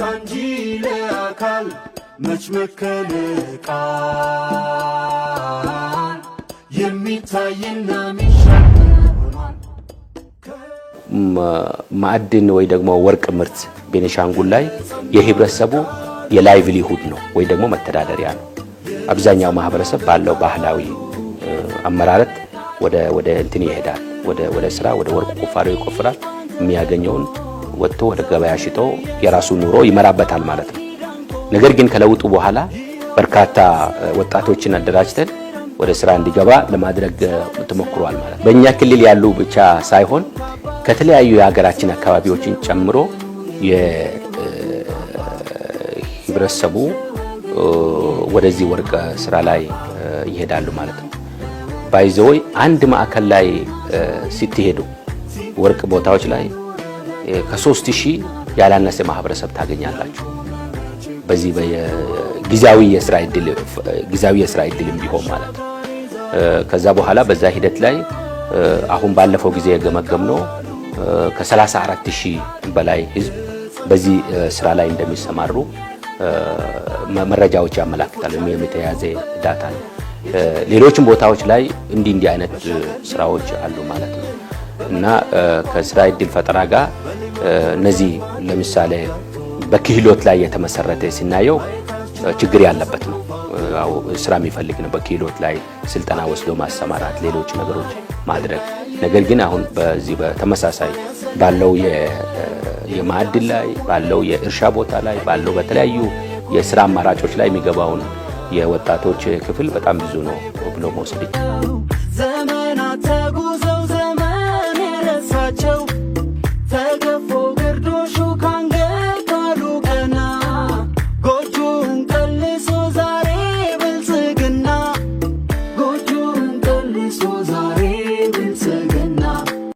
ካንጂ ለአካል መች የሚታይና ማዕድን ወይ ደግሞ ወርቅ ምርት ቤኒሻንጉል ላይ የህብረተሰቡ የላይቭሊሁድ ነው ወይ ደግሞ መተዳደሪያ ነው። አብዛኛው ማህበረሰብ ባለው ባህላዊ አመራረት ወደ እንትን ይሄዳል፣ ወደ ስራ ወደ ወርቅ ቁፋሪ ይቆፍራል የሚያገኘውን ወጥቶ ወደ ገበያ ሽጦ የራሱን ኑሮ ይመራበታል ማለት ነው። ነገር ግን ከለውጡ በኋላ በርካታ ወጣቶችን አደራጅተን ወደ ስራ እንዲገባ ለማድረግ ተሞክሯል ማለት በእኛ ክልል ያሉ ብቻ ሳይሆን ከተለያዩ የሀገራችን አካባቢዎችን ጨምሮ የህብረተሰቡ ወደዚህ ወርቅ ስራ ላይ ይሄዳሉ ማለት ነው። ባይዘወይ አንድ ማዕከል ላይ ስትሄዱ ወርቅ ቦታዎች ላይ ከሶስት ሺህ ያላነሰ ማህበረሰብ ታገኛላችሁ። በዚህ ጊዜያዊ የስራ እድልም ቢሆን ማለት ነው። ከዛ በኋላ በዛ ሂደት ላይ አሁን ባለፈው ጊዜ ነው ከ34 ሺህ በላይ ህዝብ በዚህ ስራ ላይ እንደሚሰማሩ መረጃዎች ያመላክታል። ወይም የተያዘ ዳታ ነው። ሌሎችም ቦታዎች ላይ እንዲህ እንዲህ አይነት ስራዎች አሉ ማለት ነው እና ከስራ እድል ፈጠራ ጋር እነዚህ ለምሳሌ በክህሎት ላይ የተመሰረተ ስናየው ችግር ያለበት ነው። ስራ የሚፈልግ ነው። በክህሎት ላይ ስልጠና ወስዶ ማሰማራት፣ ሌሎች ነገሮች ማድረግ። ነገር ግን አሁን በዚህ በተመሳሳይ ባለው የማዕድን ላይ ባለው የእርሻ ቦታ ላይ ባለው በተለያዩ የስራ አማራጮች ላይ የሚገባውን የወጣቶች ክፍል በጣም ብዙ ነው ብሎ መውሰድ